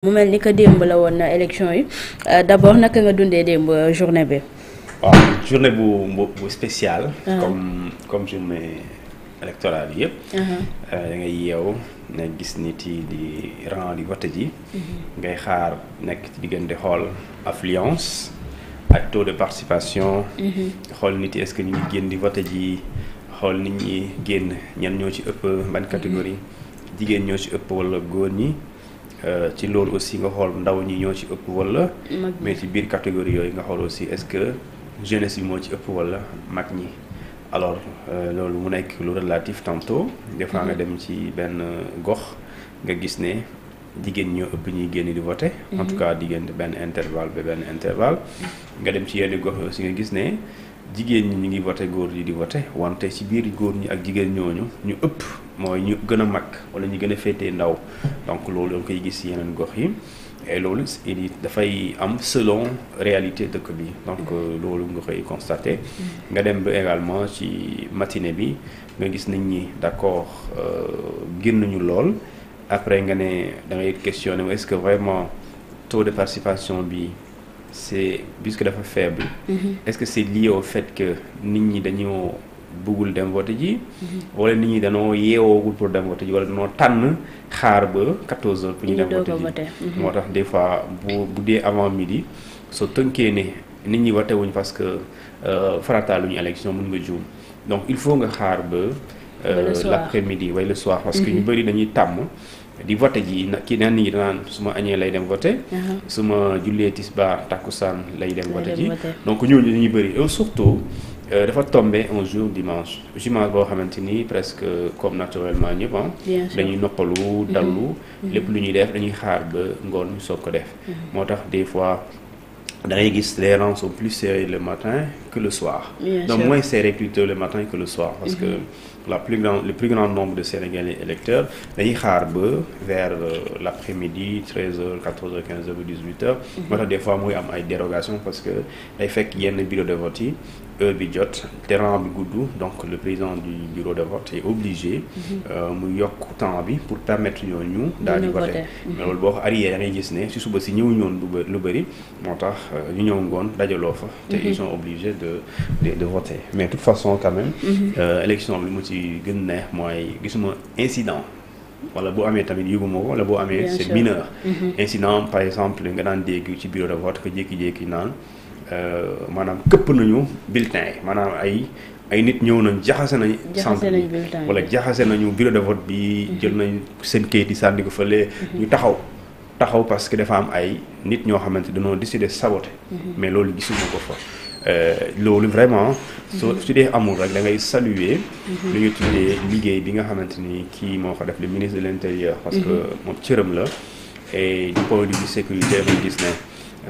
mu mel ni que démb la woon élection yi euh, d'abord naka nga dundee démb euh, journée bi. waaw journée bu bu spéciale. Ah. comme comme journée électorale yëpp. Uh-huh. Euh, dangay yeew na gis nit yi di rang di vote ji. Uh-huh. ngay xaar nekk ci diggante xool affluence ak taux de participation. Uh-huh. xool nit yi est-ce que ñu ngi génn di vote ji xool nit ñi génn ñan ñoo ci ëpp ban catégorie jigéen ñoo ci ëpp walla góor ñi. Euh, ci loolu aussi nga xool ndaw ñi ñoo ci ëpp wala. mais ci biir catégorie yooyu nga xool aussi est-ce que jeunesse bi moo ci ëpp wala mag ñi. alors euh, loolu mu nekk lu relatif tantôt. des fois nga mhm. dem ci benn gox nga gis ne jigéen ñoo ëpp ñuy génn di voter. en tout mhm. cas diggante benn intervalle be benn intervalle. Mhm. nga dem ci yenn gox aussi nga gis ne. jigéen ñi ñu ngi voté góor ñi di voté wante ci biir góor ñi ak jigéen ñooñu ñu ëpp mooy ñu gën a mag wala ñu gën a féetee ndaw donc loolu danga koy gis yeneen gox yi et loolu it dafay am selon réalité dëkk bi donc euh, loolu nga koy constaté nga dem ba également ci matine bi nga gis nit ñi d'accord euh, génn nañu lool après nga ne da ngay questionné est-ce que vraiment taux de participation bi c'est puisque dafa faible. Mhm. est-ce que c'est lié au fait que nit ñi dañoo bëggul dem vote ji. Mhm. wala nit ñi dañoo yeewoogul pour dem vote ji wala dañoo tànn xaar ba 14 heures. pour ñu dem vote ji mhm. moo tax des fois bu bu dee avant midi soo tënkee ne nit ñi vote wuñ parce que euh, farataaluñu élection mun nga juum donc il faut nga xaar ba. Euh, l'après-midi wala le soir parce que ñu bëri dañuy tàmm. di voté ji na kii naan nit ñi danaan su añee lay dem voté su ma jullee tisbaar takkusaan lay dem voté ji donc ñooñu ñu bëri et surtout euh, dafa tombe un jour dimanche dimanche boo xamante ni presque comme naturellement ñëpp ah. dañuy noppalu dallu mhm. lépp lu ñuy def dañuy xaar ba ngoon ñu soog ko def mhm. moo tax des fois da ngay gis rangs sont plus serrés le matin que le soir. Bien donc sûr. moins serrés plutôt le matin que le soir. parce que mhm. la plus grande le plus grand nombre de Sénégalais électeurs dañuy xaar ba vers euh, l'après-midi 13h 14h 15h ba 18h. moo tax des fois muy am ay dérogations parce que day fekk yenn bureau de vote yi heure bi jot terrain bi gudd donc le président du bureau de vote est obligé mhm. euh, mu yokk temps bi pour permettre ñoo ñu daal di voter mhm. mais loolu boo ko arrière da ngay gis ne si suba si ñëwuñu woon lu lu bëri moo tax euh, ñu ñëw ngoon dajaloo fa te mhm. ils sont obligés de de de voter mais de toute façon quand même euh, élection bi mu ci gën neex mooy gisuma incident wala boo amee tamit yëguma ko wala boo amee c'est mineur incident par exemple nga daan dégg ci bureau de vote que jékki-jékki naan Euh, maanaam këpp nañu bulletin yi maanaam ay ay nit ñëw nañ jaxase nañ centre bi wala jaxase nañu bureau de vote bi mhm. jël nañ seen kayit yi sànni ko fële mhm. ñu taxaw taxaw parce que dafa am ay nit ñoo xamante dañoo décidé saboter mhm. mais loolu gisuñu ko fa euh, loolu vraiment soo su dee amul rek da ngay saluer lu ñu tuddee liggéey bi nga xamante ni kii moo ko def le ministre de l' intérieur parce que moom cëram la et du point de vue sécurité ma gis ne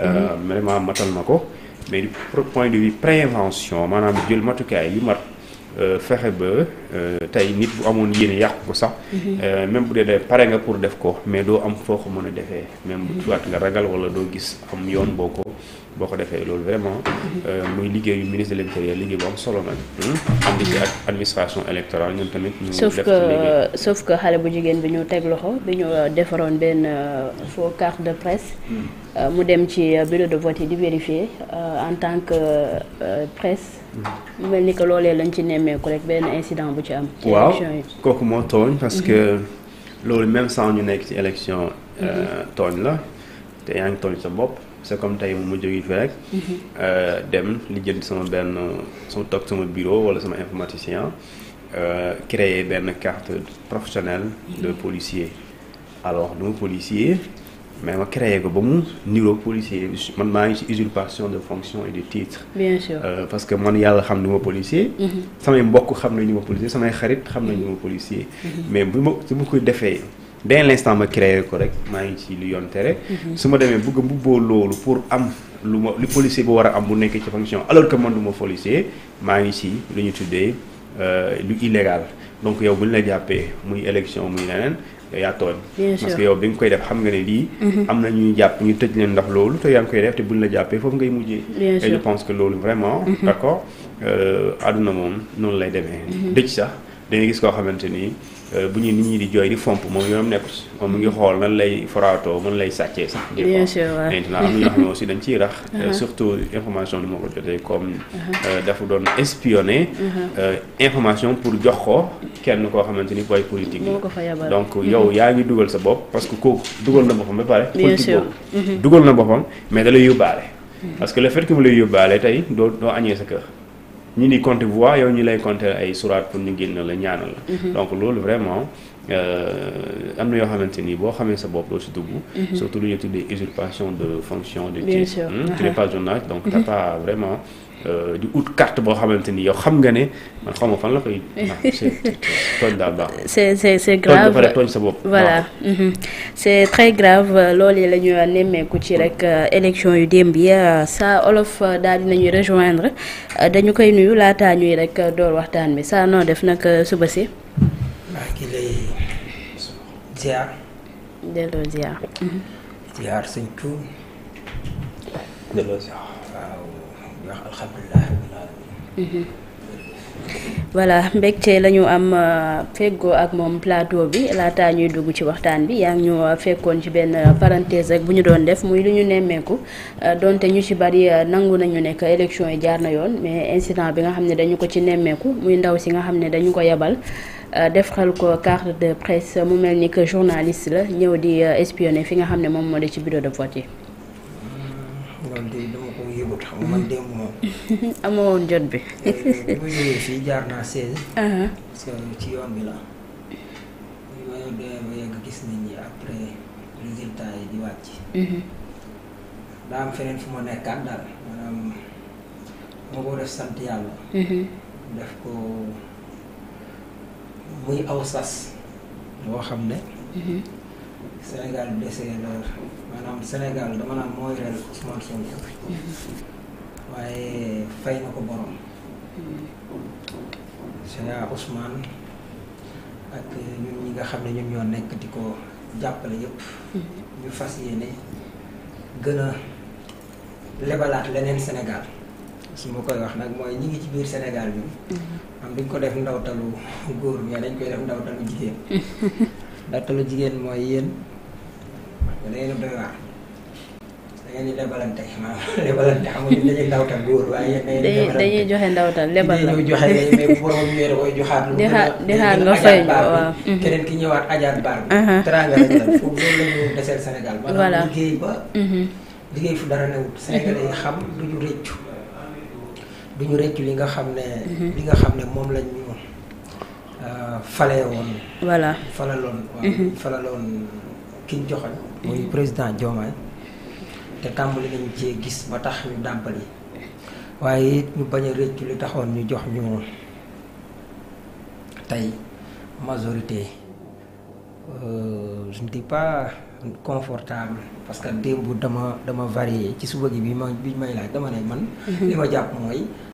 euh, vraiment matal ma ko mais du point de vue prévention maanaam jël matukaay yu mat Euh, fexe ba euh, tey nit bu amoon yéene yàqu ko sax. Mhm. Euh, même bu dee da pare nga pour def ko mais doo am foo ko mën a defee. même bu tuwaat mhm. nga ragal wala doo gis am yoon boo ko boo ko defee loolu vraiment. Mhm. muy liggéeyu ministre de l'intérieur liggéey bu am solo nag. ànd hmm? ci ak administration électorale ñun tamit. ñu def sauf que sauf que xale bu jigéen bi ñu teg loxo bi ñu defaroon benn faux carte de presse. Hmm. mu dem ci bureau de vote yi di vérifier en tant que presse. mu mel ni que loolee lañ ci nemmeeku rek benn incident bu ci am. ci waaw kooku moo tooñ parce que mhm. loolu même sans ñu nekk ci élection. Mhm. Euh, tooñ la te yaa ngi tooñ sa bopp. c'est comme tey ma jógee fi rek. Mhm. Euh, dem li jënd sama benn sama toog sama bureau wala sama informaticien euh, créer benn carte professionnelle de policier alors duma policier mais ma créé ko ba mu niroo policier man maa ngi ci usurpation de fonction et de titre. Euh, parce que man yàlla xam ni ma policier. Mhm. samay mbokk xam nañu ma policier samay xarit xam nañu ma mhm. mais bu ma su ma ko defee dès l'instant créé ko rek maa ngi ci lu yoon tere. Mhm. su ma demee bëgg mbubboo loolu pour am lu ma lu policier bu war a am bu nekk ci fonction alors que man du ma policier maa ngi ci lu ñu tuddee euh, lu illégal. donc yow bu ñu la jàppee muy élection muy leneen yaa tooñ parce que yow bi nga koy def xam nga ne lii mhm. am na ñuy jàpp ñu tëj leen ndax loolu te yaa ngi koy def te bu ñu la jàppee foofu ngay mujjee et je pense que loolu vraiment mhm. d' accord euh, àdduna moom noonu lay demee mhm. dëj sax dañuy gis koo xamante nii Euh, bu ñu nit ñi di jooy di fomp moom yoonam nekkul moom mu ngi xool nan lay foraatoo mën lay sàccee sax. bien sûr xam ne aussi dañ ciy rax. Euh, uh-huh. surtout information bi ma ko jotee comme. Uh-huh. Euh, dafa doon espionner. Uh-huh. pour jox ko kenn koo xamante ni booy politique la. donc yow yaa ngi dugal sa bopp parce que kooku dugal na boppam ba pare. politique boobu dugal na boppam mais da lay yóbbaale. parce que le fait mu lay yóbbaale tey doo doo añee sa kër. ñi di compter voix yow ñu lay compter ay suraat pour ñu génn la ñaanal la mhm. donc loolu vraiment Euh, am na yoo xamante ni boo xamee sa bopp doo si dugg. Mhm. surtout lu ñuy tuddee usurpation de fonction de titre. Hmm? tu n'es pas un donc t'as mhm. pas vraiment. Euh, du ut carte boo xamante ni yow xam nga ne man xaw ma fan la koy. Ah, tooñ sa bopp. voilà mhm. c'est très grave loolu la ñu nemmeeku ci rek euh, élection yu démb yi saa olof daal dinañuy rejoindre dañu koy nuyu laata ñuy rek door waxtaan bi saa noo def nag suba si. ziar. delloo ziar. Mm-hmm. ziar sëñ mm-hmm. am euh, feggoo ak moom plateau bi laataa ñuy dugg ci waxtaan bi yaa ngi ñu euh, fekkoon ci benn euh, parenthèse rek bu ñu doon def muy lu ñu nemmeeku donte ñu ci bari nangu nañu nekk élection yi jaar na yoon mais incident bi nga xam ne dañu ko ci nemmeeku muy ndaw si nga xam ne dañu ko yebal. def euh, defal ko carte de presse mu mel ni que journaliste la ñëw di euh, espionner fi nga xam ne moom moo di ci bureau de vote yi. Hmm, jot bi. Euh, bu ma ñëwee fii jaar naa seize. Uh-huh. parce que ci yoon bi la. li ma yor doyoo yegg gis nit ñi après résultat yi di wàcc. Uh-huh. daa am feneen fu ma nekkaat daal maanaam ma ko def sant yàlla. Uh-huh. def ko. muy aw sas boo xam ne mhm. Sénégal bu desee leer maanaam Sénégal dama naan mooy reel Ousmane Sonko mhm. waaye fay na ko borom Sénégal mhm. Ousmane ak ñun ñi nga xam ne ñu ñoo nekk di ko jàppale yépp ñu fas yéene gën a lebalaat leneen Sénégal ki ma koy wax nag mooy ñi ngi ci biir Sénégal bi mm-hmm. am duñ ko def ndawtalu góor mais dañ koy def ndawtalu jigéen ndawtalu jigéen mooy yéen da ngeen doy waar da dañuy ndawtal góor waaye dañuy joxe ndawtal lebal la joxe mais bu di xaar nga fay waaw mm-hmm. keneen ki ñëwaat ajaat baar bi uh-huh. teranga lañ Sénégal maanaam liggéey ba mm-hmm. liggéey fu dara newut Sénégalais yi xam duñu rëccu du ñu rëcc li nga xam ne. Mhm. li nga xam ne moom lañ ñu euh, falee woon. voilà falaloon. waaw mhm. falaloon ki ñu muy mhm. président Diomaye te tàmbali nañ cee gis ba tax ñu dàmpal waaye it ñu bañ a rëccu li taxoon ñu jox ñu tey majorité euh, je ne dis pas confortable parce que démb dama dama varié ci suba gi bi ma bi may laaj dama ne man. li ma jàpp mooy.